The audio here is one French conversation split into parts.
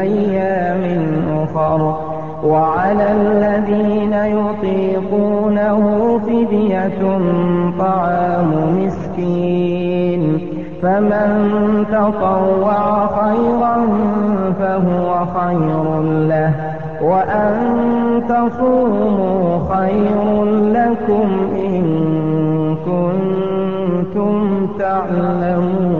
أيام أخر وعلى الذين يطيقونه فدية طعام مسكين فمن تطوع خيرا فهو خير له وأن تصوموا خير لكم إن كنتم تعلمون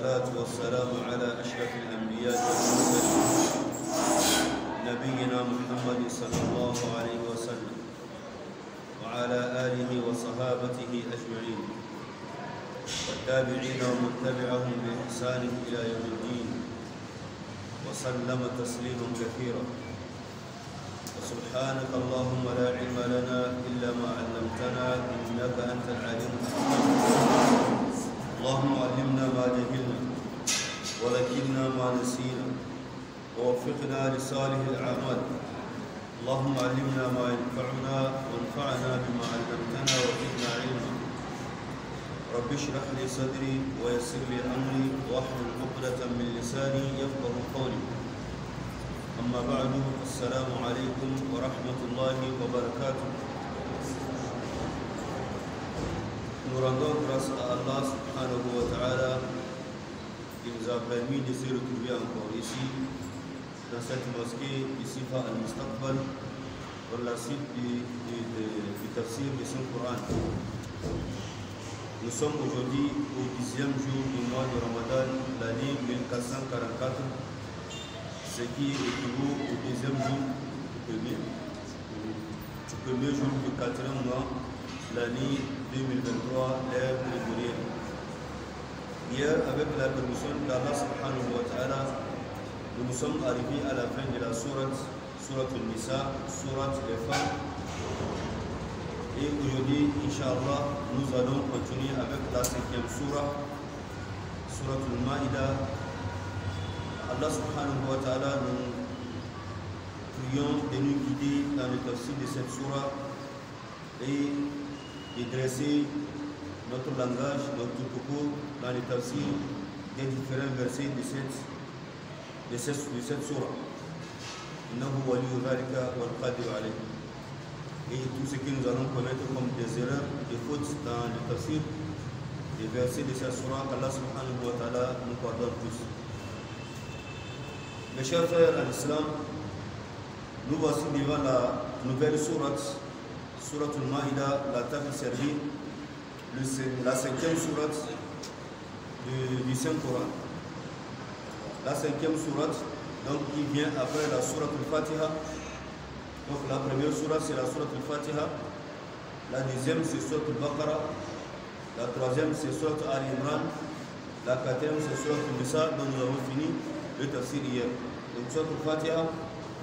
والصلاة والسلام على أشرف الأنبياء والمرسلين نبينا محمد صلى الله عليه وسلم وعلى آله وصحابته أجمعين والتابعين ومن تبعهم بإحسان إلى يوم الدين وسلم تسليما كثيرا وسبحانك اللهم لا علم لنا إلا ما علمتنا إنك أنت العليم الحكيم اللهم علمنا ما جهلنا وذكرنا ما نسينا ووفقنا لصالح الأعمال اللهم علمنا ما ينفعنا وانفعنا بما علمتنا وزدنا علما رب اشرح لي صدري ويسر لي امري واحلل عقدة من لساني يفقه قولي اما بعد السلام عليكم ورحمة الله وبركاته nous rendons grâce à Allah subhanahu wa ta'ala qui nous a permis de se retrouver encore ici, dans cette mosquée, ici à Al-Mustaqbal, pour la suite du, du, du, tafsir de son Coran. Nous sommes aujourd'hui au dixième jour du mois de Ramadan, l'année 1444, ce qui est toujours au deuxième jour du premier, du premier jour du quatrième mois, l'année بالممنوع لا بالجرير يا أبب لا بالمسلم الله سبحانه وتعالى المسلم أربي على فين إلى سورة سورة النساء سورة الفم Et aujourd'hui, Inch'Allah, nous allons continuer avec la cinquième surah, surah al-Ma'ida. Allah subhanahu wa ta'ala nous prions de nous guider dans le tafsir de cette surah et et dresser notre langage, notre propos dans les tafsirs des différents versets de cette, de surah. Et tout ce que nous allons connaître comme des erreurs, des fautes dans les tafsirs, des versets de cette surah, Allah subhanahu wa ta'ala nous pardonne tous. Mes chers frères à l'islam, nous voici devant la nouvelle surah Surat al la table servie, la cinquième sourate du, Saint-Coran. La cinquième sourate, donc qui vient après la sourate al-Fatiha. Donc la première sourate, c'est la sourate al-Fatiha. La deuxième, c'est sourate al-Baqarah. La troisième, c'est sourate al-Imran. La quatrième, c'est sourate al-Nisa, dont nous avons fini le tafsir hier. Donc sourate al-Fatiha,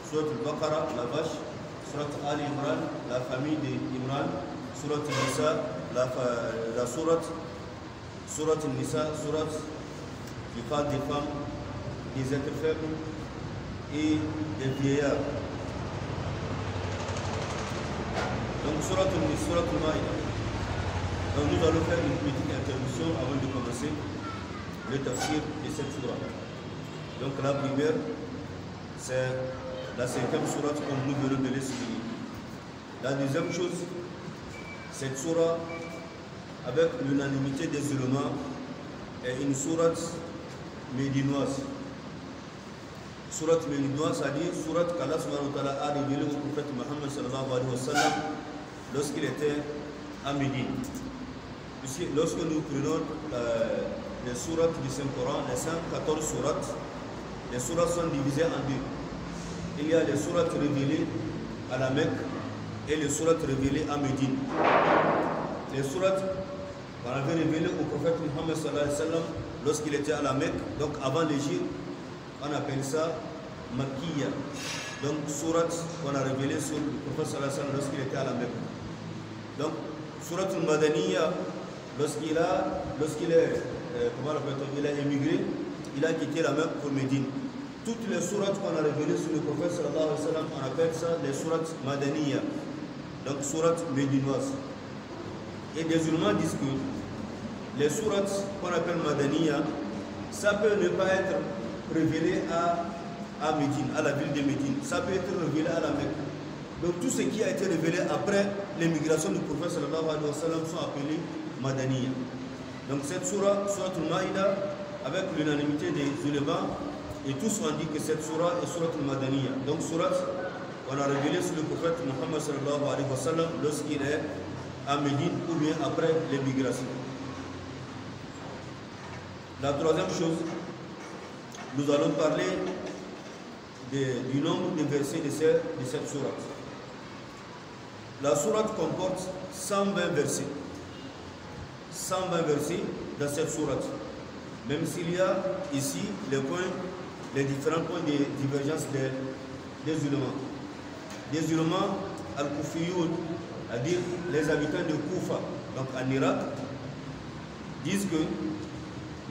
sourate al-Baqarah, la vache. Surat Al Imran, la famille d'Imran, Surat Nisa, la, la Surat, Surat Nisa, Surat qui parle des femmes, des êtres faibles et des vieillards. Donc Surat Nisa, Maïda. Donc nous allons faire une petite interruption avant de commencer le tafsir de cette Surat. Donc la première, c'est la cinquième sourate, comme nous venons de l'expliquer. La deuxième chose, cette sourate, avec l'unanimité des éléments, est une sourate médinoise. Sourate médinoise, c'est-à-dire sourate qu'Allah a révélée au prophète Mohammed sallallahu alayhi wa sallam lorsqu'il était à Médine. lorsque nous prenons euh, les sourates du Saint-Coran, les 114 sourates, les sourates sont divisées en deux il y a les sourates révélées à la Mecque et les sourates révélées à Médine. Les sourates qu'on avait révélées au prophète Mohammed lorsqu'il était à la Mecque, donc avant l'Égypte, on appelle ça Makiya. Donc sourates qu'on a révélées sur le prophète lorsqu'il était à la Mecque. Donc sourate Madaniya, lorsqu'il a, est, euh, a émigré, il a quitté la Mecque pour Médine. Toutes les sourates qu'on a révélées sur le prophète sallallahu alayhi wa sallam, on appelle ça les sourates madaniya, donc sourates médinoises. Et des ulmans disent que les sourates qu'on appelle madaniya, ça peut ne pas être révélé à, à Médine, à la ville de Médine, ça peut être révélé à la Mecque. Donc tout ce qui a été révélé après l'émigration du prophète sallallahu alayhi wa sallam sont appelés madaniya. Donc cette sourate, sourate al-Maïda, avec l'unanimité des ulémas, et tous ont dit que cette surah est surat madaniya Donc surat, on a révélé sur le prophète Muhammad sallallahu alayhi wa sallam lorsqu'il est à Médine ou bien après l'émigration. La troisième chose, nous allons parler du nombre de versets de cette, de cette La sourate comporte 120 versets. 120 versets dans cette sourate. Même s'il y a ici les points les différents points de divergence des, des Les Des al cest c'est-à-dire les habitants de Koufa, donc en Irak, disent que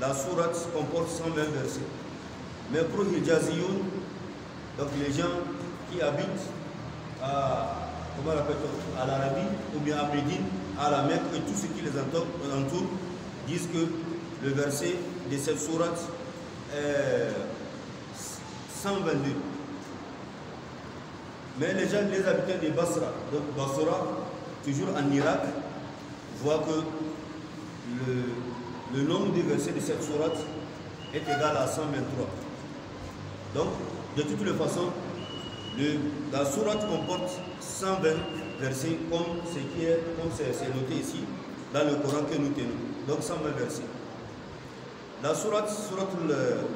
la sourate comporte 120 versets. Mais pour Hijaziyoun, donc les gens qui habitent à, à l'Arabie ou bien à Médine, à la Mecque et tout ceux qui les entourent, disent que le verset de cette sourate est 122. Mais les gens, les habitants de Basra, donc Basra, toujours en Irak, voient que le, nombre de versets de cette sourate est égal à 123. Donc, de toutes les façons, la sourate comporte 120 versets comme ce qui est, comme c'est noté ici dans le Coran que nous tenons. Donc 120 versets. La sourate, sourate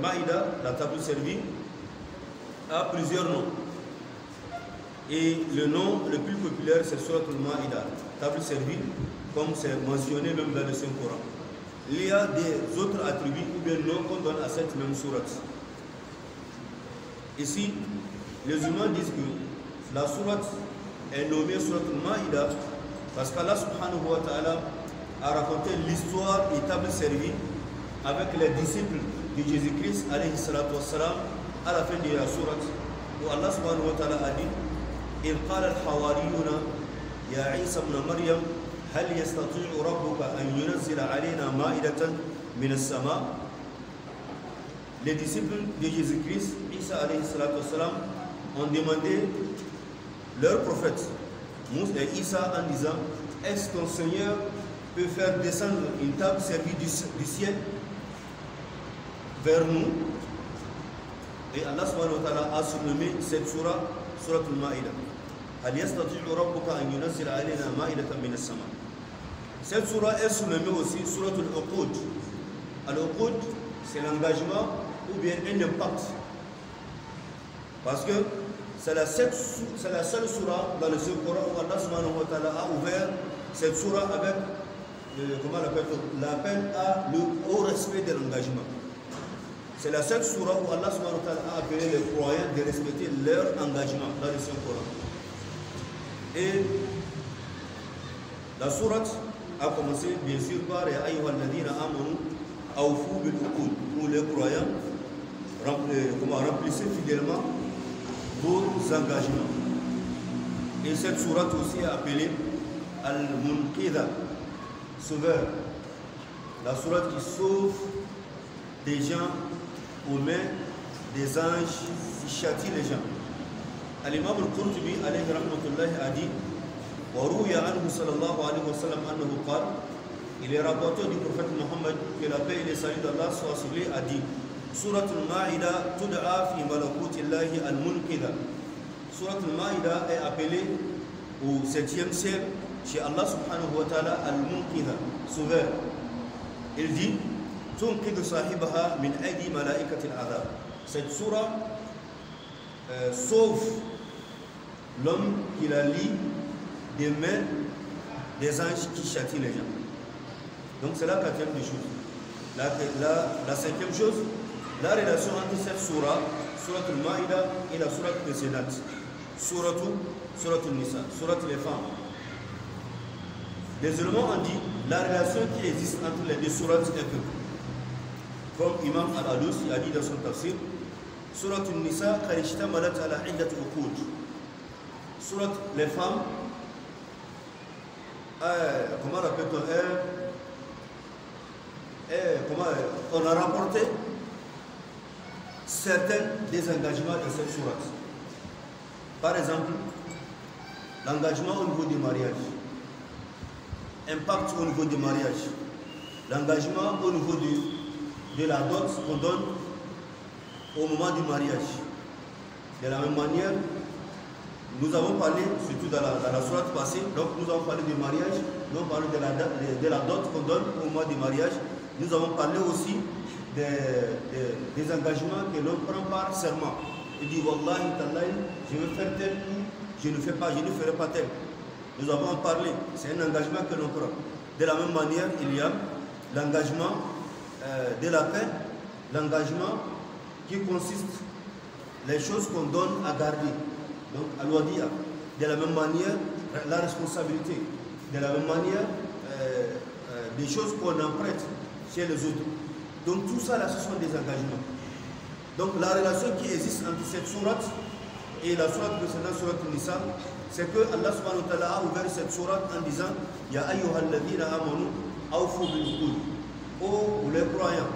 maïda la table servie, a plusieurs noms. Et le nom le plus populaire, c'est suratul maida table servie, comme c'est mentionné même dans le Saint-Coran. Il y a des autres attributs ou des noms qu'on donne à cette même surat Ici, les humains disent que la surat est nommée suratul maida parce qu'Allah subhanahu wa ta'ala a raconté l'histoire et table servie avec les disciples de Jésus-Christ, alayhi salatu à la fin de la sourate où Allah subhanahu wa ta'ala a dit إذ قال الحواريون يا عيسى ابن مريم هل يستطيع ربك أن ينزل علينا مائدة من sama Les disciples de Jésus-Christ, Isa alayhi ont demandé leur prophète, Moussa et euh, Isa, en disant Est-ce ton Seigneur peut faire descendre une table servie du, du ciel vers nous et Allah subhanahu wa ta'ala a surnommé cette surah, surah al-Ma'ida. Hal yastati'u rabbuka an yunazzila alayna ma'idatan min as Cette surah est surnommée aussi surah al-Uqud. Al-Uqud, c'est l'engagement ou bien un impact. Parce que c'est la, seule surah dans le Coran où Allah subhanahu wa ta'ala a ouvert cette surah avec comment l'appel à le haut respect de l'engagement. C'est la seule surah où Allah a appelé les croyants de respecter leur engagement dans le Saint-Coran. Et la sourate a commencé bien sûr par Ya amanu awfu bil où les croyants euh, remplissent fidèlement vos engagements. Et cette sourate aussi est appelée Al-Munqidha, sauveur. La sourate qui sauve des gens aux mains des anges, il châtie les gens. Al-Imam al-Qurtubi alayhi rahmatullah a dit وروي عنه صلى الله عليه وسلم أنه قال Il est rapporté du prophète Mohammed que la paix et les saluts d'Allah soient sur lui a dit Surat al al-mulkida Surat al-Ma'ida est appelée au 7e siècle Allah al cette sura euh, sauve l'homme qui la lit des mains des anges qui châtient les gens. Donc c'est la quatrième des choses. La, cinquième chose, la relation entre cette sura surat al-Ma'ida et la surat précédente. Surat, surat al-Nisa, surat les femmes. Les éléments ont dit la relation qui existe entre les deux surat est que comme Imam Al-Alus a dit dans son tafsir, Surat Nisa Karishita malat ala iddat uqud. Surat les femmes, euh, comment rappelle-t-on euh, euh, comment, euh, On a rapporté certains des engagements de cette surat. Par exemple, l'engagement au niveau du mariage, impact au niveau du mariage, l'engagement au niveau du de la dot qu'on donne au moment du mariage. De la même manière, nous avons parlé, surtout dans la, soirée passée, donc nous avons parlé du mariage, nous avons parlé de la, de, dot qu'on donne au moment du mariage, nous avons parlé aussi des, engagements que l'on prend par serment. Il dit Wallahi, je vais faire tel je ne fais pas, je ne ferai pas tel. Nous avons parlé, c'est un engagement que l'on prend. De la même manière, il y a l'engagement euh, de la paix, l'engagement qui consiste les choses qu'on donne à garder, donc à l'ouadia. De la même manière, la responsabilité. De la même manière, euh, euh, des choses qu'on emprunte chez les autres. Donc tout ça, là, ce sont des engagements. Donc la relation qui existe entre cette sourate et la sourate précédente, sourate Nisa, c'est que Allah subhanahu wa ta'ala a ouvert cette sourate en disant « Ya ayyuhalladhina amanu awfu bil aux pour les croyants.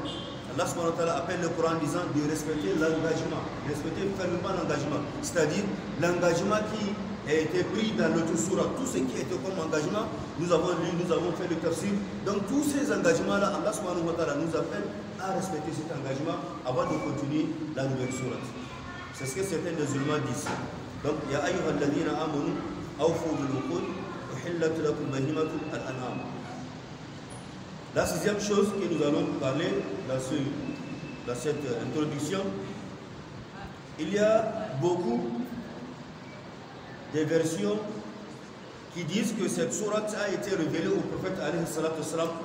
Allah subhanahu wa appelle le Coran en disant de respecter l'engagement, respecter fermement l'engagement, c'est-à-dire l'engagement qui a été pris dans le Toussura, tout ce qui était comme engagement, nous avons lu, nous avons fait le tafsir. Donc tous ces engagements-là, Allah subhanahu wa nous appelle à respecter cet engagement avant de continuer la nouvelle sourate. C'est ce que certains musulmans disent. Donc, Ya ayyuha amanu, awfu bil-uqud, uhillat lakum al-anam. La sixième chose que nous allons parler dans, cette euh, introduction, il y a beaucoup de versions qui disent que cette sourate a été révélée au prophète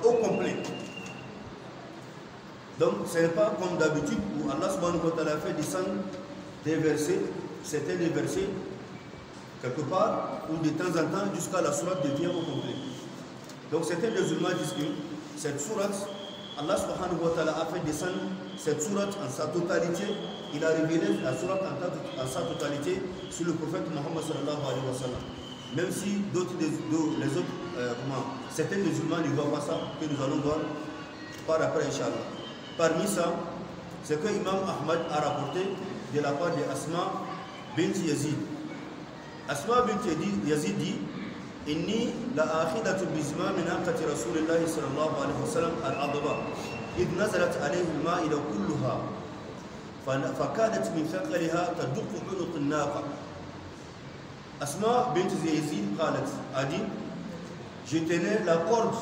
au complet. Donc ce n'est pas comme d'habitude où Allah subhanahu wa ta'ala fait descendre des versets, c'était des versets quelque part, ou de temps en temps jusqu'à la sourate devient au complet. Donc certains musulmans disent que cette sourate, Allah subhanahu wa ta'ala a fait descendre cette sourate en sa totalité. Il a révélé la sourate en, sa totalité sur le prophète Muhammad sallallahu alayhi wa sallam. Même si d'autres, les autres, euh, comment, certains musulmans ne voient pas ça, que nous allons voir par après, Inch'Allah. Parmi ça, c'est que Imam Ahmad a rapporté de la part de Asma bint Yazid. Asma bint Yazid dit إني لآخذة بزمام ناقة رسول الله صلى الله عليه وسلم العظمى إذ نزلت عليه المائدة كلها فكادت من ثقلها تدق عنق الناقة أسماء بنت زيزين قالت أدي je tenais la corde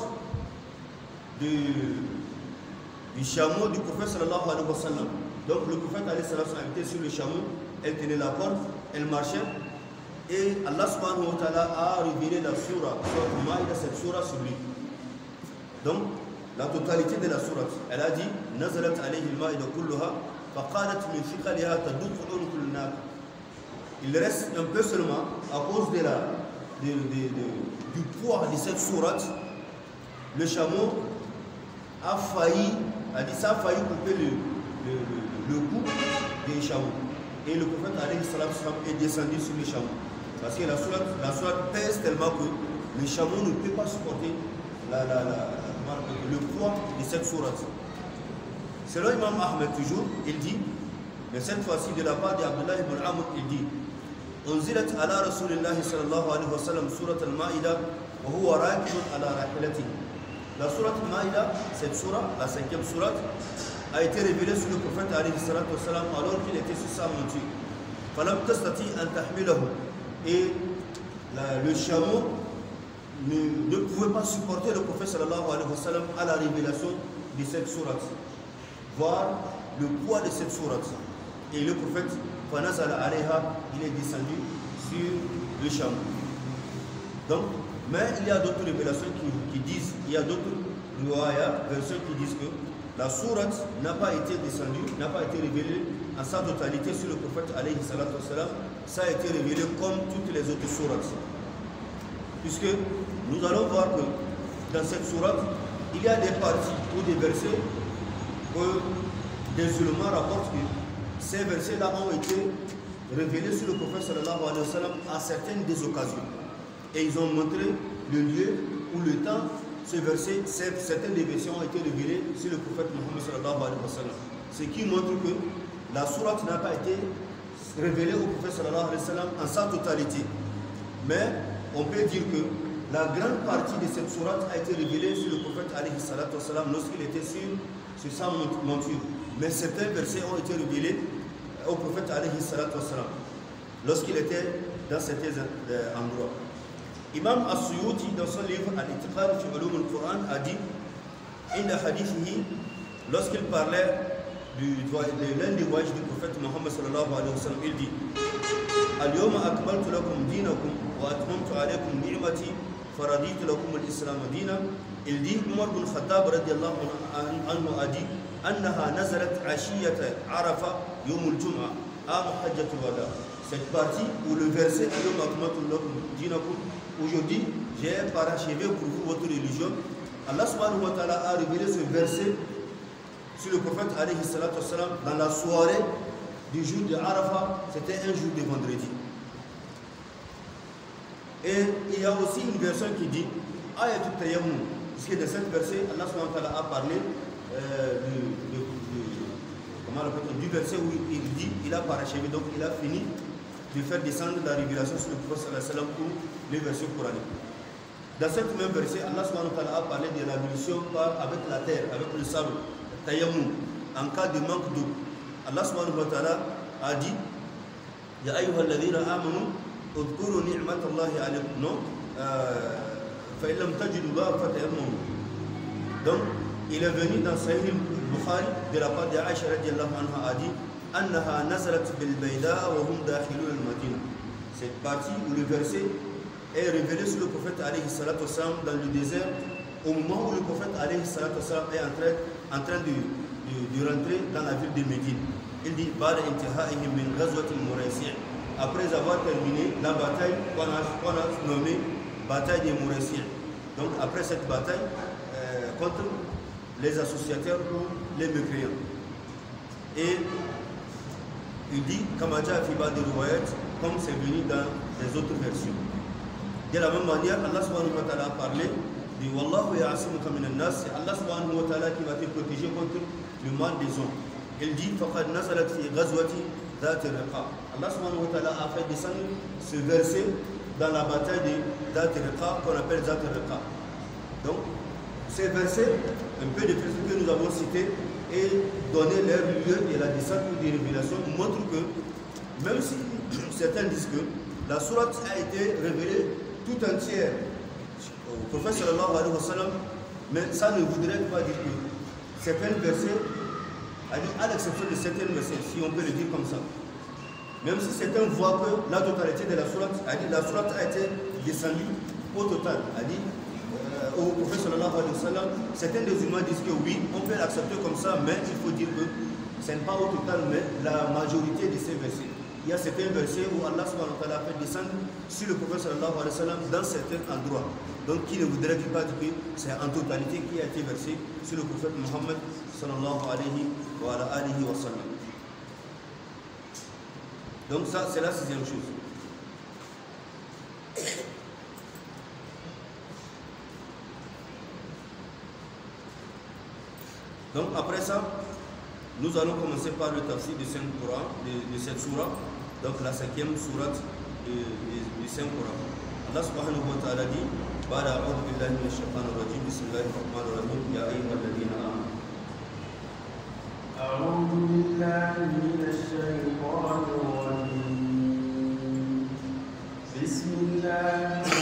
du, du chameau du prophète sallallahu alayhi wa sallam. Donc le prophète allait était sur le chameau, elle tenait la corde, elle marchait, Et Allah subhanahu wa ta'ala a révélé la surah, Maïda, cette surah sur lui. Donc, la totalité de la surah, elle a dit Nazalat alayhi al ma'ida kulluha, faqalat min Il reste un peu seulement, à cause de la, du poids de cette surah, le chameau a failli, a dit ça a failli couper le, le, le, cou des chameaux. Et le prophète alayhi salam est descendu sur le chameau. Parce que la sourate pèse tellement que le chameau ne peut pas supporter le poids de cette sourate. Selon Imam Ahmed toujours, il dit, mais cette fois-ci de la part d'Abdullah ibn Amr, il dit, ala على sallallahu alayhi wa sallam surat al Maida, wa huwa راكب ala rahilati. La sourate Maida, cette sourate, la cinquième sourate, a été révélée sur le prophète alayhi wa alors qu'il était sur sa monture. Falam تستطيع an tahmilahu » et le chameau ne, pouvait pas supporter le prophète sallallahu alayhi wa sallam à la révélation de cette sourate. Voir le poids de cette sourate. Et le prophète, il est descendu sur le chameau. mais il y a d'autres révélations qui, disent, il y a d'autres versets qui disent que la sourate n'a pas été descendue, n'a pas été révélée en sa totalité sur le prophète alayhi salatu ça a été révélé comme toutes les autres sourates. Puisque nous allons voir que dans cette sourate, il y a des parties ou des versets que des musulmans rapportent que ces versets-là ont été révélés sur le prophète sallallahu alayhi wa sallam à certaines des occasions. Et ils ont montré le lieu ou le temps, ce verset, certaines des versets ont été révélées sur le prophète Muhammad sallallahu alayhi wa sallam. Ce qui montre que la sourate n'a pas été Révélé au prophète en sa totalité. Mais on peut dire que la grande partie de cette sourate a été révélée sur le prophète lorsqu'il était sur, sur sa monture. Mais certains versets ont été révélés au prophète lorsqu'il était dans cet euh, endroit. Imam as dans son livre Al-Itiqan fi Ulum al-Quran, a dit lorsqu'il parlait de l'un des voyages du prophète Mohammed sallallahu alayhi wa sallam, il dit Al-Yoma akmaltu lakum dinakum wa atmamtu alaykum ni'mati faraditu lakum al-islam دينا il dit Umar ibn Khattab radiyallahu anhu a dit أنها نزلت عشية عرفة يوم الجمعة أم حجة الوداع cette partie où le verset اليوم أكملت lakum dinakum, aujourd'hui j'ai parachevé pour vous votre religion Allah subhanahu wa ta'ala a révélé ce verset sur le prophète dans la soirée du jour de Arafah, c'était un jour de vendredi. Et il y a aussi une version qui dit Ayatul Tayammum, puisque dans cette verset, Allah a parlé euh, du verset où il dit il a parachevé, donc il a fini de faire descendre la révélation sur le prophète pour les versets coraniques. Dans cette même verset, Allah a parlé de la révélation avec la terre, avec le sable. tayammum en cas de manque d'eau Allah subhanahu wa ta'ala a dit ya ayyuhal ladhina amanu udhkuru ni'matallahi alaykum non fa in lam tajidu ba tayammum donc il est venu dans Sahih Bukhari de la part de Aisha radhiyallahu anha a dit انها نزلت بالبيداء وهم داخلون المدينه dakhilun al cette partie où le verset est révélé sur le prophète alayhi salatu dans le désert au moment où le prophète alayhi salatu est en train en train de, rentrer dans la ville de Médine. Il dit Après avoir terminé la bataille qu'on a, nommée bataille des Mauriciens. Donc après cette bataille euh, contre les associateurs ou les mécréants. Et il dit Fiba comme c'est venu dans les autres versions. De la même manière, Allah subhanahu wa a parlé dit Wallahu Allah subhanahu wa ta'ala qui va te protéger contre le mal des hommes. Il dit faqad Allah subhanahu wa ta'ala a fait descendre ce verset dans la bataille de dhat riqa qu'on appelle dhat » Donc ces versets, un peu de ce que nous avons cité et donner leur lieu et la descente des révélations montrent que même si certains disent que la sourate a été révélée tout entière Professeur prophète alayhi wa mais ça ne voudrait pas dire que certains versets, à l'exception de certains versets, si on peut le dire comme ça, même si certains voient que la totalité de la sourate, a la sourate a été descendue au total, euh, au professeur Allah, certains des humains disent que oui, on peut l'accepter comme ça, mais il faut dire que ce n'est pas au total, mais la majorité de ces versets il y a certains versets où Allah subhanahu wa ta'ala fait descendre sur le prophète sallallahu alayhi wa dans certains endroits. Donc qui ne voudrait pas dire que c'est en totalité qui a été versé sur le prophète Mohammed sallallahu alayhi wa, wa sallam. Donc ça c'est la sixième chose. Donc après ça, nous allons commencer par le tafsir de, de, de cette sourate donc la cinquième sourate du, Saint-Coran. Allah subhanahu wa ta'ala dit Bala a'udhu billahi min ash-shaytan ar rajim, bismillahi rahman ar rahim, ya ayyuha alladhina amanu. أعوذ بالله من الشيطان الرجيم بسم الله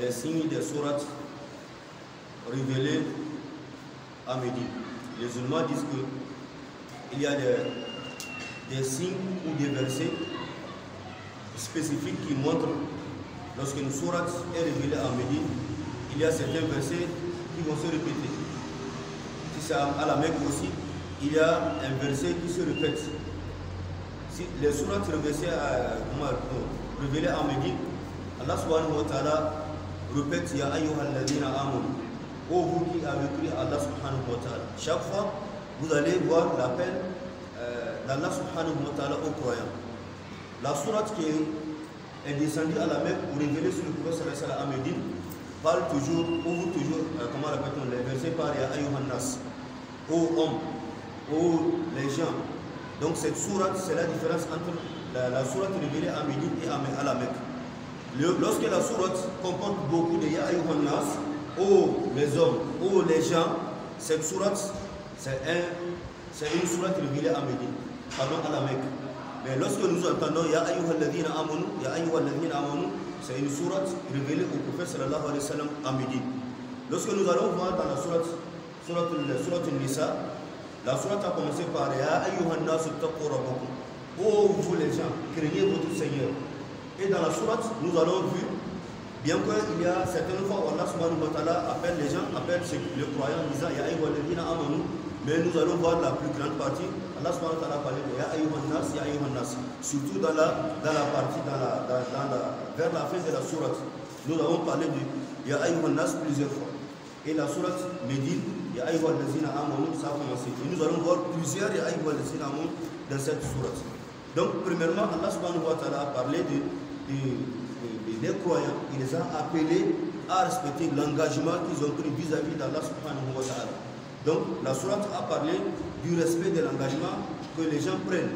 les signes des sourates révélés à Médine. Les musulmans disent qu'il y a des, signes ou des versets spécifiques qui montrent lorsqu'une sourate est révélée à Médine, il y a certains versets qui vont se répéter. Si c'est à la Mecque aussi, il y a un verset qui se répète. Si les sourates révélées à, euh, Médine, Allah subhanahu wa ta'ala répète Ya y amun. Oh vous qui avez cru Allah subhanahu wa ta'ala. Chaque fois, vous allez voir l'appel euh, d'Allah subhanahu wa ta'ala aux croyants. La sourate qui est descendue à la Mecque pour révéler sur le prophète à alayhi parle toujours, vous toujours, euh, comment rappelle on les versets par Ya Nas, Ô hommes, ô les gens. Donc cette sourate, c'est la différence entre la, sourate révélée à Médine et à la Mecque lorsque la sourate comporte beaucoup de Ya Nas, oh les hommes, oh les gens, cette sourate, c'est un, une sourate révélée à Médine, pardon, à la Mecque. Mais lorsque nous entendons Ya Ayyuhalladina Amanu, Ya c'est une sourate révélée au prophète sallallahu alayhi wa sallam à Médine. Lorsque nous allons voir dans la sourate, sourate, sourate Nisa, la sourate a commencé par Ya Ayyuhannas, Oh vous les gens, craignez votre Seigneur. Et dans la sourate, nous allons voir bien qu'il y a certaines fois Allah subhanahu wa ta'ala appelle les gens, appelle ceux, les croyants en disant Ya amanu, mais nous allons voir la plus grande partie. Allah subhanahu wa ta'ala parle de Ya ayyuhannas, Ya ayyuhannas. Surtout dans la, dans la partie, dans vers la fin de la sourate, nous avons parlé de Ya ayyuhannas plusieurs fois. Et la sourate Médine, Ya amanu, ça a commencé. Et nous allons voir plusieurs Ya ayyuhallazina amanu dans cette sourate. Donc, premièrement, Allah subhanahu wa ta'ala a parlé de des, croyants, il les a appelés à respecter l'engagement qu'ils ont pris vis-à-vis d'Allah subhanahu wa ta'ala. Donc la sourate a parlé du respect de l'engagement que les gens prennent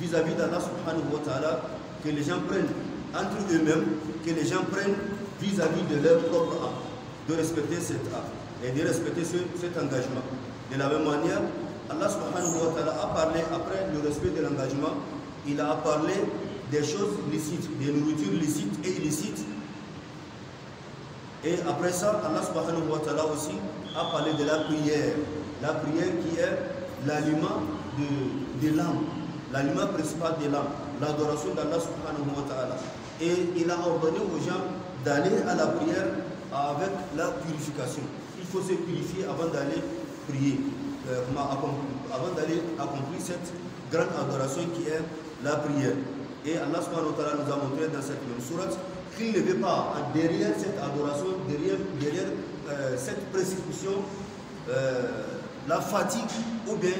vis-à-vis d'Allah subhanahu wa ta'ala, que les gens prennent entre eux-mêmes, que les gens prennent vis-à-vis de leur propre art, de respecter cet acte et de respecter cet engagement. De la même manière, Allah subhanahu wa ta'ala a parlé après le respect de l'engagement, il a parlé des choses licites, des nourritures licites et illicites. Et après ça, Allah subhanahu wa ta'ala aussi a parlé de la prière. La prière qui est l'aliment de, de l'âme, l'aliment principal de l'âme, l'adoration d'Allah subhanahu wa ta'ala. Et il a ordonné aux gens d'aller à la prière avec la purification. Il faut se purifier avant d'aller prier, euh, avant d'aller accomplir cette grande adoration qui est la prière. Et Allah nous a montré dans cette même sourate qu'il ne veut pas, derrière cette adoration, derrière, euh, cette persécution, euh, la fatigue ou bien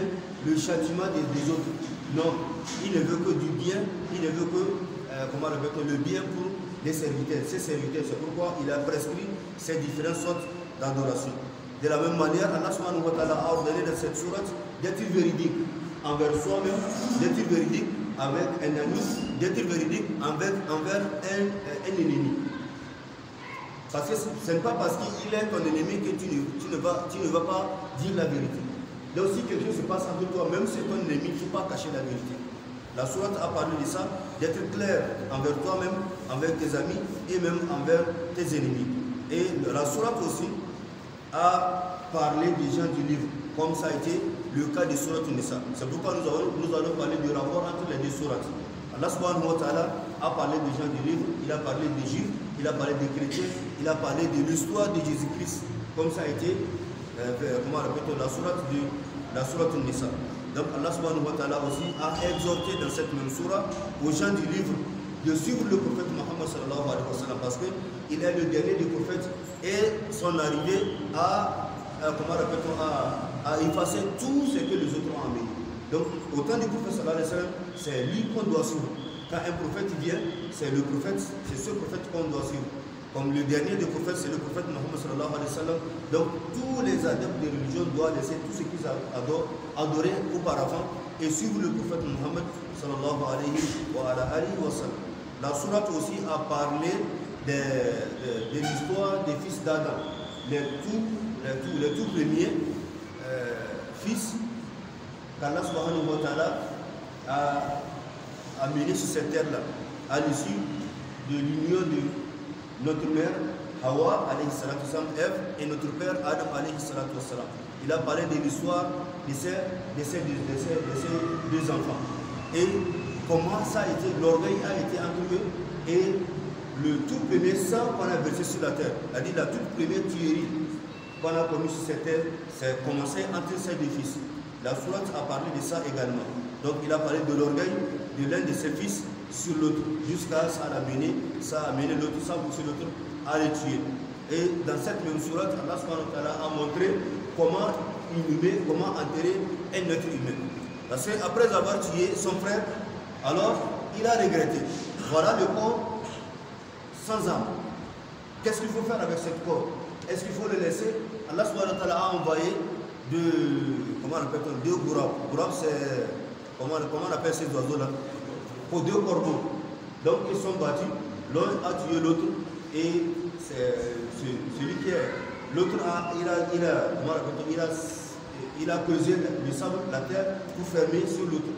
le châtiment des, autres. Non, il ne veut que du bien, il ne veut que, euh, comment le, le bien pour les serviteurs, ses serviteurs. C'est pourquoi il a prescrit ces différentes sortes d'adoration. De la même manière, Allah subhanahu a ordonné dans cette sourate d'être véridique envers soi-même, d'être véridique avec un ami, d'être véridique envers, envers euh, un, ennemi. Parce que ce n'est pas parce qu'il est ton ennemi que tu ne, tu, ne vas, tu ne vas pas dire la vérité. a aussi, quelque chose se passe entre toi, même si c'est ton ennemi, tu ne peux pas cacher la vérité. La sourate a parlé de ça, d'être clair envers toi-même, envers tes amis et même envers tes ennemis. Et la sourate aussi a parlé des gens du livre, comme ça a été le cas des sourates Nissa. C'est pourquoi nous, allons parler du rapport entre les deux sourates. Allah subhanahu wa ta'ala a parlé des gens du livre, il a parlé des juifs, il a parlé des chrétiens, il a parlé de l'histoire de Jésus-Christ, comme ça a été, euh, euh, comment on la sourate de la sourate Nisa. Donc Allah subhanahu wa ta'ala aussi a exhorté dans cette même sourate aux gens du livre de suivre le prophète Mohammed sallallahu alayhi wa sallam parce qu'il est le dernier des prophètes et son arrivée à, euh, comment rappelle à à effacer tout ce que les autres ont amené. Donc, au temps du prophète, c'est lui qu'on doit suivre. Quand un prophète vient, c'est le prophète, c'est ce prophète qu'on doit suivre. Comme le dernier des prophètes, c'est le prophète Mohammed alayhi wa sallam. Donc, tous les adeptes des religions doivent laisser tout ce qu'ils adorent, adorer auparavant et suivre le prophète Mohammed alayhi wa, sallam. La sourate aussi a parlé de, de, l'histoire des fils d'Adam, les tout, les tout, les tout premiers euh, fils qu'Allah subhanahu wa ta'ala a mené sur cette terre-là, à l'issue de l'union de notre mère Hawa alayhi salatu et notre père Adam alayhi Il a parlé de l'histoire de ces, deux enfants. Et comment ça a été, l'orgueil a été entre eux et le tout premier sang qu'on a versé sur la terre, c'est-à-dire la toute première tuerie qu'on a connu sur cette terre, c'est commencé entre ses fils. La sourate a parlé de ça également. Donc il a parlé de l'orgueil de l'un de ses fils sur l'autre, jusqu'à ça l'amener, ça a mené l'autre, ça a poussé l'autre à le tuer. Et dans cette même sourate, Allah a montré comment inhumer, comment enterrer un être humain. Parce qu'après avoir tué son frère, alors il a regretté. Voilà le corps sans âme. Qu'est-ce qu'il faut faire avec ce corps est-ce qu'il faut le laisser Allah subhanahu wa ta'ala a envoyé deux, comment on appelle deux gourab. Gourab, c'est, comment, comment, on appelle ces oiseaux-là Pour deux corbeaux. Donc ils sont battus, l'un a tué l'autre et c'est celui qui est. L'autre a, il a, il a, comment on il a, il a pesé le sable, la terre, pour fermer sur l'autre.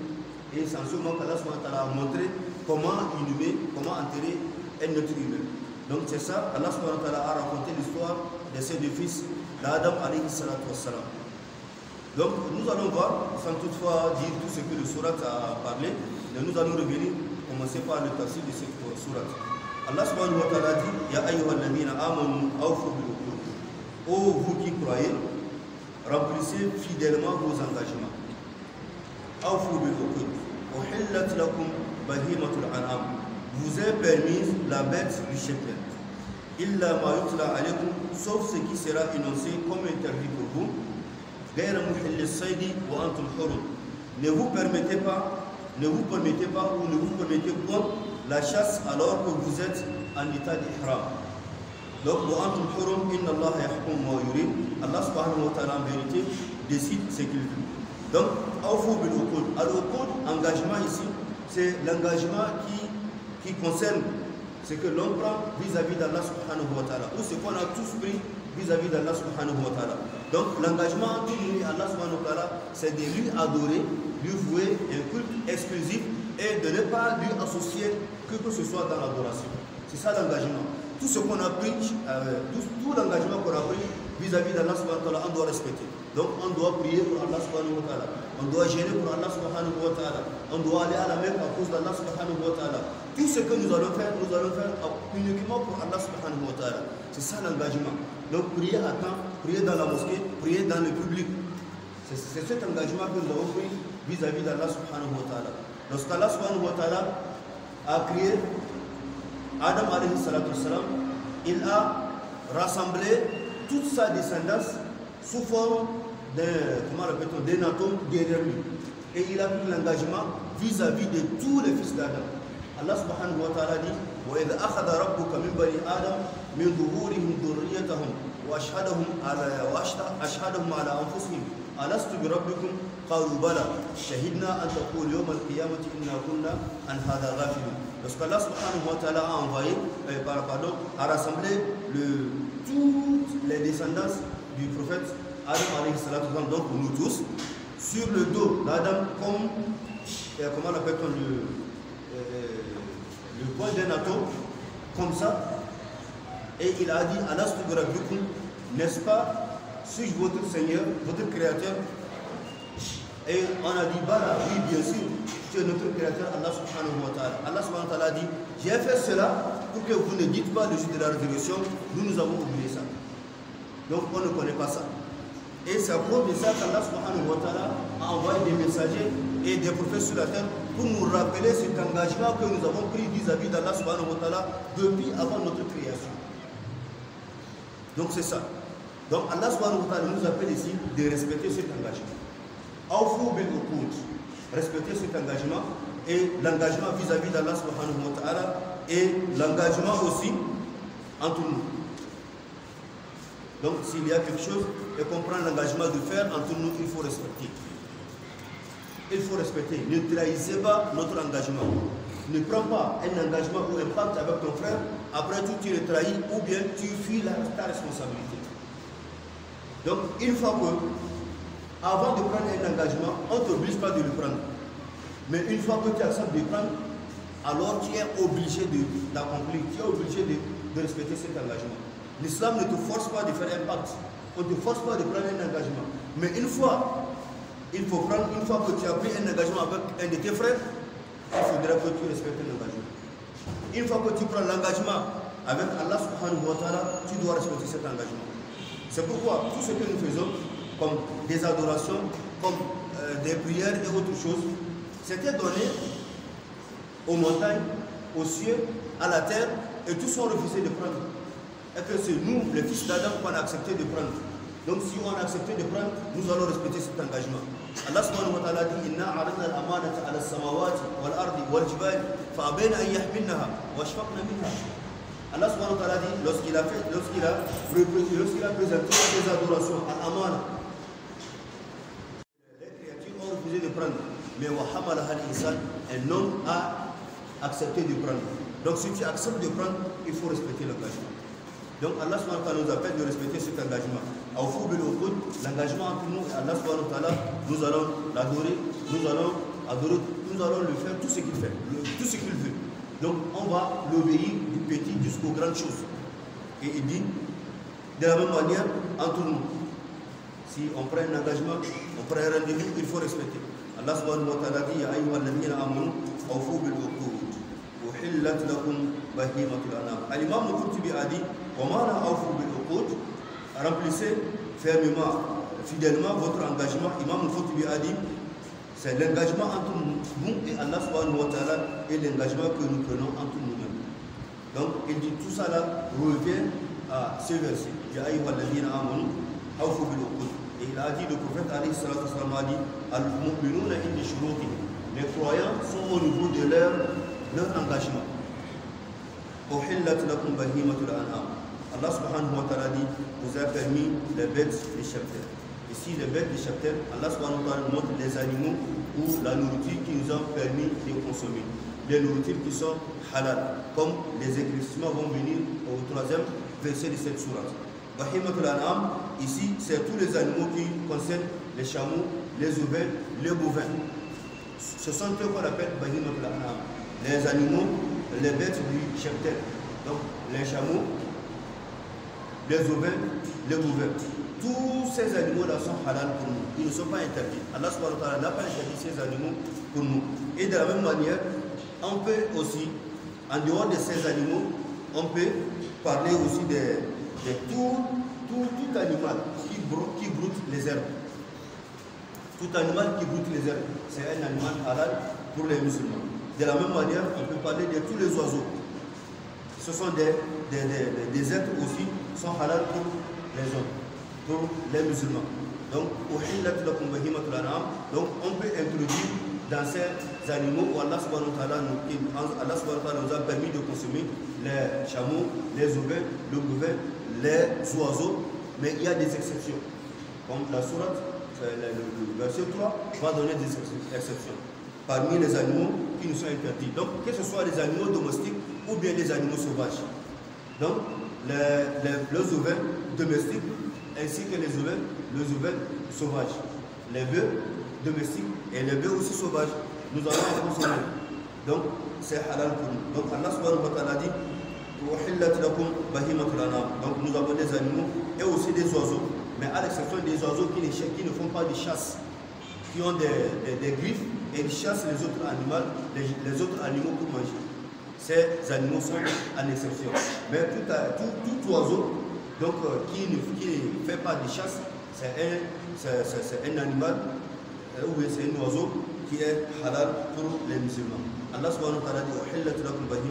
Et c'est en ce moment qu'Allah a montré comment inhumer, comment enterrer un autre humain. Donc c'est ça, Allah a raconté l'histoire ses du fils d'Adam alayhi salatu salam Donc nous allons voir, sans toutefois dire tout ce que le surat a parlé, nous allons revenir, commencer par le tafsir de ce euh, surat. Allah subhanahu wa ta'ala dit Ya ayyuhalladhina amanu awfu bil Ô vous qui croyez, remplissez fidèlement vos engagements. Awfu bil Uhillat lakum bahimatul an'am. Vous est permise la bête du cheptel illa ma yutla alaykum sauf ce qui sera énoncé comme interdit pour vous غير محل wa وانتم حرم ne vous permettez pas ne vous permettez pas ou ne vous permettez pas la chasse alors que vous êtes en état d'ihram donc وانتم حرم inna allah yahkum ما yurid Allah subhanahu wa ta'ala en vérité décide ce qu'il veut donc awfu bil alors al courant, engagement ici c'est l'engagement qui qui concerne c'est que l'on prend vis-à-vis d'Allah subhanahu wa ta'ala, ou ce qu'on a tous pris vis-à-vis d'Allah subhanahu wa ta'ala. Donc l'engagement entre lui Allah subhanahu wa ta'ala, c'est de lui adorer, lui vouer un culte exclusif et de ne pas lui associer que que ce soit dans l'adoration. C'est ça l'engagement. Tout ce qu'on a pris, euh, tout, l'engagement qu'on a pris vis-à-vis d'Allah subhanahu wa on doit respecter. Donc on doit prier pour Allah subhanahu wa ta'ala, on doit gêner pour Allah subhanahu wa ta'ala, on doit aller à la mer à cause d'Allah subhanahu wa tout ce que nous allons faire, nous allons faire uniquement pour Allah subhanahu wa ta'ala. C'est ça l'engagement. Donc prier à temps, prier dans la mosquée, prier dans le public. C'est cet engagement que nous avons pris vis-à-vis d'Allah subhanahu wa ta'ala. Lorsqu'Allah subhanahu wa ta'ala a créé Adam alayhi salatu il a rassemblé toute sa descendance sous forme d'un atome derrière lui. Et il a pris l'engagement vis-à-vis de tous les fils d'Adam. الله سبحانه وتعالى دي وإذا أخذ ربك من بني آدم من ظهورهم ذريتهم وأشهدهم على وأشهدهم على أنفسهم ألست بربكم قالوا بلى شهدنا أن تقول يوم القيامة إنا كنا عن هذا غافلون بس الله سبحانه وتعالى أنفاي باردون أرسمبلي لتوت لي ديسندانس du prophète Adam alayhi salatu wa donc nous tous sur le dos d'Adam comme euh, comment on appelle le euh, le poids d'un atome comme ça et il a dit taala n'est-ce pas Suis-je votre Seigneur, votre Créateur Et on a dit bah oui, bien sûr, tu es notre Créateur, Allah subhanahu wa ta'ala. Allah subhanahu wa ta'ala dit J'ai fait cela pour que vous ne dites pas le sujet de la révolution. nous nous avons oublié ça. Donc on ne connaît pas ça. Et c'est à cause de ça qu'Allah subhanahu wa ta'ala a envoyé des messagers et des prophètes sur la terre pour nous rappeler cet engagement que nous avons pris vis-à-vis d'Allah subhanahu wa ta'ala depuis avant notre création. Donc c'est ça. Donc Allah subhanahu wa ta'ala nous appelle ici de respecter cet engagement. respecter cet engagement et l'engagement vis-à-vis d'Allah subhanahu wa ta'ala et l'engagement aussi entre nous. Donc s'il y a quelque chose et qu'on prend l'engagement de faire, entre nous, il faut respecter il faut respecter. Ne trahissez pas notre engagement. Ne prends pas un engagement ou un pacte avec ton frère, après tout tu le trahis ou bien tu fuis la, ta responsabilité. Donc, une fois que, avant de prendre un engagement, on ne t'oblige pas de le prendre. Mais une fois que tu acceptes de le prendre, alors tu es obligé d'accomplir, tu es obligé de, de respecter cet engagement. L'islam ne te force pas de faire un pacte, on ne te force pas de prendre un engagement. Mais une fois il faut prendre, une fois que tu as pris un engagement avec un de tes frères, il faudrait que tu respectes l'engagement. Une fois que tu prends l'engagement avec Allah subhanahu wa ta'ala, tu dois respecter cet engagement. C'est pourquoi tout ce que nous faisons, comme des adorations, comme euh, des prières et autres choses, c'était donné aux montagnes, aux cieux, à la terre, et tous ont refusé de prendre. Et que c'est nous, les fils d'Adam, qu'on a accepté de prendre. Donc si on a accepté de prendre, nous allons respecter cet engagement. الله سبحانه وتعالى إنا عرضنا الأمانة على السماوات والأرض والجبال فأبين أن يحملنها واشفقنا منها الله سبحانه وتعالى لوسكيلا لوسكيلا لوسكيلا بريزنتي ديز ادوراسيون الأمانة Mais wa hamala hal insan, un homme a accepté de prendre. Donc si tu acceptes de prendre, il faut respecter l'engagement. Donc Allah nous appelle de respecter cet engagement. l'engagement entre nous et Allah nous allons l'adorer, nous allons adorer, nous allons lui faire tout ce qu'il fait, tout ce qu'il veut. Donc on va l'obéir du petit jusqu'aux grandes choses. Et il dit, de la même manière, entre nous, si on prend un engagement, on prend un rendez-vous, il faut respecter. Allah subhanahu remplissez fermement, fidèlement votre engagement. Imam Foutubi a dit, c'est l'engagement entre nous et Allah subhanahu wa ta'ala et l'engagement que nous prenons entre nous-mêmes. Donc il dit tout cela revient à ce verset. Et il a dit, le prophète a dit, Les croyants sont au niveau de leur, leur engagement. Allah subhanahu wa ta'ala a permis les bêtes les chaptels. Ici, les bêtes les chaptels, Allah subhanahu wa ta'ala montre les animaux ou la nourriture qui nous a permis de consommer. Les nourritures qui sont halal, comme les éclaircissements vont venir au troisième verset de cette sourate. Bahimatul Anam, ici, c'est tous les animaux qui concernent les chameaux, les ovins, les bovins. Ce sont eux qu'on appelle Bahimatul Anam, les animaux, les bêtes du cheptel. Donc, les chameaux, les ovins, les bouvins. Tous ces animaux-là sont halal pour nous. Ils ne sont pas interdits. Allah subhanahu wa ta'ala n'a pas interdit ces animaux pour nous. Et de la même manière, on peut aussi, en dehors de ces animaux, on peut parler aussi de, tout, animal qui, broute, les herbes. Tout animal qui broute les herbes, c'est un animal halal pour les musulmans. De la même manière, on peut parler de tous les oiseaux. Ce sont des, des, des êtres aussi sont halal pour les hommes, pour les musulmans. Donc, donc on peut introduire dans ces animaux où Allah subhanahu nous, a permis de consommer les chameaux, les ovins, le bovin, les oiseaux, mais il y a des exceptions. Comme la sourate, euh, le, verset 3 va donner des exceptions parmi les animaux qui nous sont interdits. Donc, que ce soit les animaux domestiques ou bien les animaux sauvages. Donc, les oeufs domestiques ainsi que les oeufs sauvages. Les bœufs domestiques et les bœufs aussi sauvages, nous avons les consommer. Donc, c'est halal pour nous. Donc, nous avons des animaux et aussi des oiseaux, mais à l'exception des oiseaux qui ne, qui ne, font pas de chasse, qui ont des, griffes et qui chassent les autres, animaux, les autres animaux pour manger. Ces animaux sont en exception. Mais tout, oiseau donc, euh, qui, ne, fait pas de chasse, c'est un, animal euh, ou c'est un oiseau qui est halal pour les musulmans. Allah subhanahu wa ta'ala dit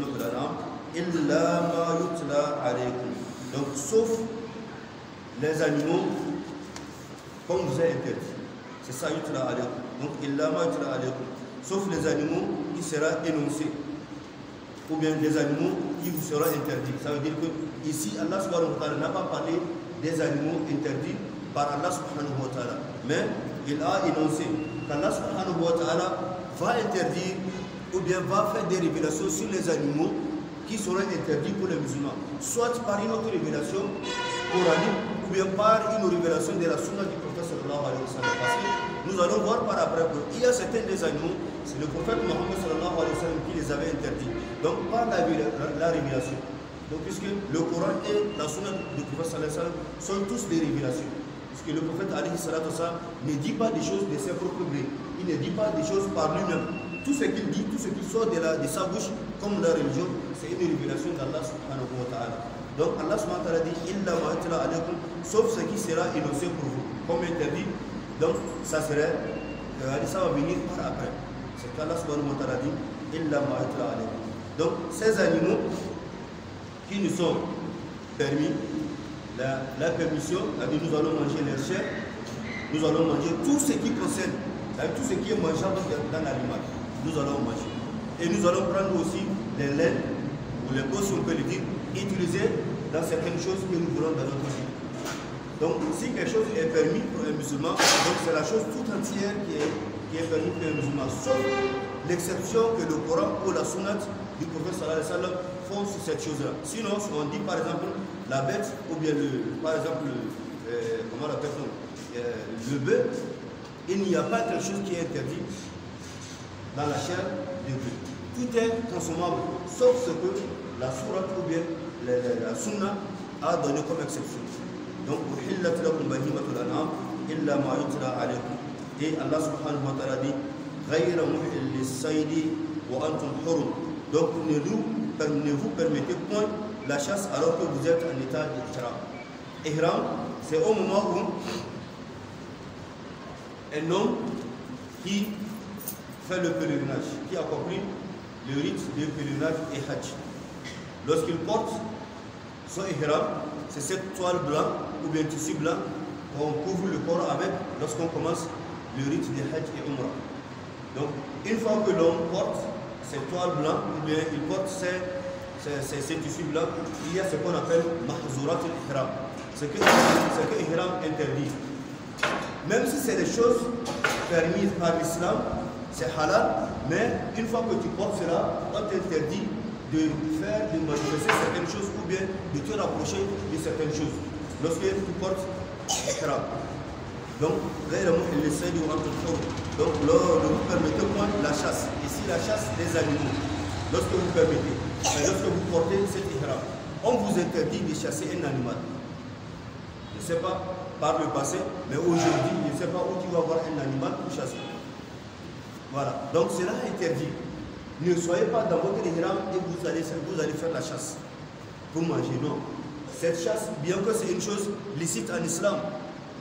illa ma yutla alaykum. Donc, sauf les animaux comme vous avez interdit. C'est ça, yutla alaykum. Donc, illa ma yutla alaykum. Sauf les animaux qui sera énoncé ou bien des animaux qui vous seront interdits. Ça veut dire que ici, Allah subhanahu wa ta'ala n'a pas parlé des animaux interdits par Allah subhanahu wa ta'ala. Mais il a énoncé qu'Allah subhanahu wa ta'ala va interdire ou bien va faire des révélations sur les animaux qui seront interdits pour les musulmans. Soit par une autre révélation coranique ou bien par une révélation de la sunna du prophète sallallahu alayhi wa sallam. Parce nous allons voir par après qu'il y a certains des animaux, c'est le prophète Mohammed sallallahu avait interdit Donc, par hein, la, révélation. Donc, puisque le Coran et la sunna du prophète sont tous des révélations. Puisque le prophète ne dit pas des choses de ses propres gré. Il ne dit pas des choses par lui-même. Tout ce qu'il dit, tout ce qui sort de, la, de sa bouche, comme la religion, c'est une révélation d'Allah subhanahu wa ta'ala. Donc Allah subhanahu wa ta'ala dit sauf ce qui sera énoncé pour vous, comme interdit. Donc ça serait, euh, ça va venir par après. C'est qu'Allah subhanahu wa ta'ala dit donc ces animaux qui nous sont permis, la, permission, nous allons manger les chair, nous allons manger tout ce qui possède, hein, tout ce qui est mangeable dans l'animal, nous allons manger. Et nous allons prendre aussi les laines ou les peaux, si on peut le dire, dans certaines choses que nous voulons dans notre vie. Donc si quelque chose est permis pour un musulman, donc c'est la chose tout entière qui est, qui est permis pour un musulman, sauf l'exception que le Coran ou la Sunnah du prophète sallallahu alayhi wa sallam font sur cette chose-là. Sinon, si on dit par exemple la bête ou bien le, par exemple, le, euh, comment euh, le bœuf, il n'y a pas quelque chose qui est interdit dans la chair du bœuf. Tout est consommable, sauf ce que la sourate ou bien la, la, la sunna a donné comme exception. Donc, et Allah subhanahu wa ta'ala dit donc ne vous permettez point la chasse alors que vous êtes en état d'ihram ihram c'est au moment où un homme qui fait le pèlerinage qui accomplit le rite de pèlerinage et hajj lorsqu'il porte son ihram c'est cette toile blanche ou bien tissu blanc qu'on couvre le corps avec lorsqu'on commence le rite de hajj et umrah donc, une fois que l'homme porte ses toiles blancs, ou bien il porte ses, tissus blancs, il y a ce qu'on appelle mahzurat al-ihram. Ce que, que interdit. Même si c'est des choses permises par l'islam, c'est halal, mais une fois que tu portes cela, on t'interdit de faire, de manifester certaines choses ou bien de te rapprocher de certaines choses. Lorsque tu portes ihram. Donc, غير محل rentrer وأنت الحر donc, ne vous permettez point la chasse. Ici, la chasse des animaux. Lorsque vous permettez. lorsque vous portez cet ihram, on vous interdit de chasser un animal. Je ne sais pas par le passé, mais aujourd'hui, je ne sais pas où tu vas avoir un animal pour chasser. Voilà. Donc, cela est interdit. Ne soyez pas dans votre ihram et vous allez, vous allez faire la chasse. Vous mangez, non. Cette chasse, bien que c'est une chose licite en islam,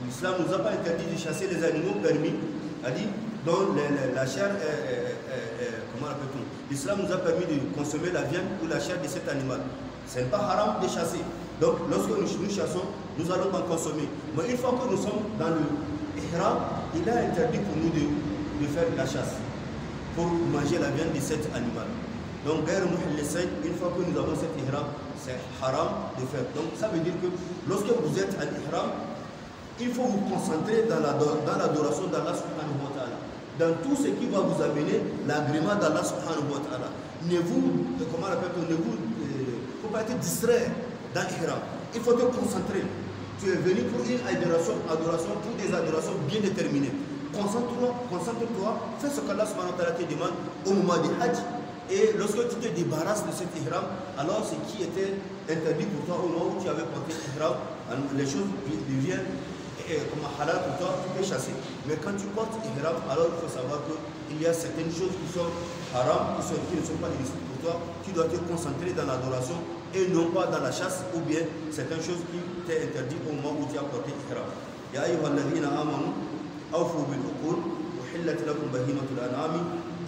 l'islam ne nous a pas interdit de chasser les animaux permis. A dit donc la, chair comment appelle-t-on L'islam nous a permis de consommer la viande ou la chair de cet animal. Ce n'est pas haram de chasser. Donc lorsque nous, chassons, nous allons en consommer. Mais une fois que nous sommes dans le ihram, il est interdit pour nous de, de faire la chasse pour manger la viande de cet animal. Donc, une fois que nous avons cet ihram, c'est haram de faire. Donc, ça veut dire que lorsque vous êtes à l'Ihram, il faut vous concentrer dans l'adoration d'Allah subhanahu dans tout ce qui va vous amener l'agrément d'Allah subhanahu wa ta'ala. Ne vous, comment on ne vous, ne euh, faut pas être distrait dans l'Ihram. Il faut te concentrer. Tu es venu pour une adoration, adoration, pour des adorations bien déterminées. Concentre-toi, concentre-toi, fais ce qu'Allah subhanahu wa ta'ala te demande au moment du Hajj. Et lorsque tu te débarrasses de cet ihram, alors ce qui était interdit pour toi au moment où tu avais porté l'ihram, les choses deviennent comme halal pour toi, tu peux chasser. Mais quand tu portes ihram, alors il faut savoir qu'il y a certaines choses qui sont haram, qui, sont, qui ne sont pas illicites pour toi. Tu dois te concentrer dans l'adoration et non pas dans la chasse ou bien certaines choses qui t'est interdit au moment où tu as porté ihram. يا أيها الذين آمنوا أوفوا بالعقول وحلت لكم بهيمة الأنعام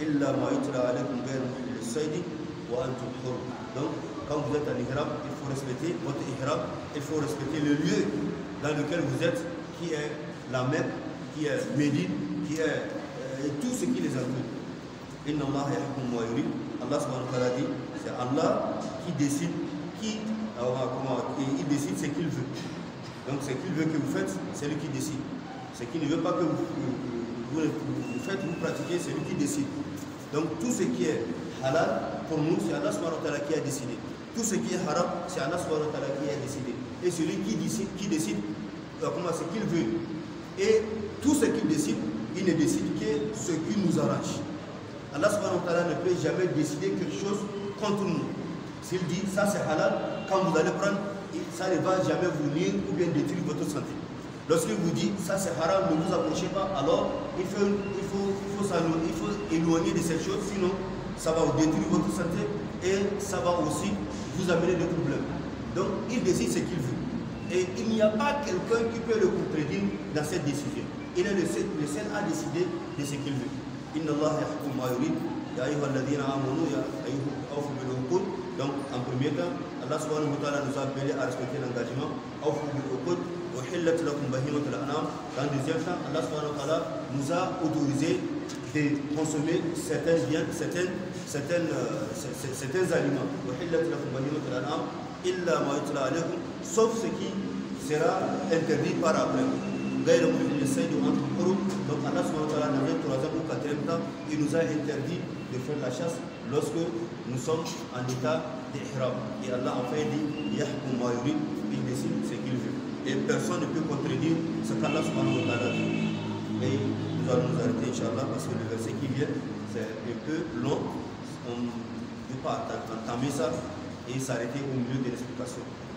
إلا ما يتلى عليكم غير محل الصيد وأنتم حر Donc, quand vous êtes en ihram, il faut respecter votre ihram, il faut respecter le lieu dans lequel vous êtes qui est la Mecque, qui est Médine, qui est euh, tout ce qui les entoure. Inna Allah Allah subhanahu wa ta'ala dit, c'est Allah qui décide qui, euh, comment, il décide ce qu'il veut. Donc ce qu'il veut que vous faites, c'est lui qui décide. Ce qu'il ne veut pas que vous, vous, vous faites, vous pratiquez, c'est lui qui décide. Donc tout ce qui est halal, pour nous, c'est Allah subhanahu wa ta'ala qui a décidé. Tout ce qui est haram, c'est Allah subhanahu wa ta'ala qui a décidé. Et celui qui décide, qui décide, comment ce qu'il veut. Et tout ce qu'il décide, il ne décide que ce qui nous arrange. Allah wa ne peut jamais décider quelque chose contre nous. S'il dit ça c'est halal, quand vous allez prendre, ça ne va jamais vous nuire ou bien détruire votre santé. Lorsqu'il vous dit ça c'est haram, ne vous approchez pas, alors il faut, il faut, il faut éloigner de cette chose, sinon ça va vous détruire votre santé et ça va aussi vous amener des problèmes. Donc il décide ce qu'il veut. Et il n'y a pas quelqu'un qui peut le contredire dans cette décision. Il est le seul, le seul à décider de ce qu'il veut. Inna Allah yahkum ma yurid, ya ayyuha alladhina amanu, ya ayyuha awfu bil uqud. Donc, en premier temps, Allah subhanahu wa ta'ala nous a appelés à respecter l'engagement. Awfu bil uqud, wa hillat lakum bahimat al-anam. Dans le deuxième temps, Allah subhanahu wa ta'ala nous a autorisé de consommer certains biens, certains, certains, euh, certains aliments. Wa hillat lakum bahimat al-anam, illa ma yutla alaykum sauf ce qui sera interdit par après. Donc Allah dans le troisième ou quatrième temps, il nous a interdit de faire la chasse lorsque nous sommes en état d'ihram. Et Allah enfin dit, il décide ce qu'il veut. Et personne ne peut contredire ce qu'Allah subhanahu wa dit. Et nous allons nous arrêter, Inch'Allah, parce que le verset qui vient, c'est un peu long. On ne peut pas entamer ça et s'arrêter au milieu de l'explication.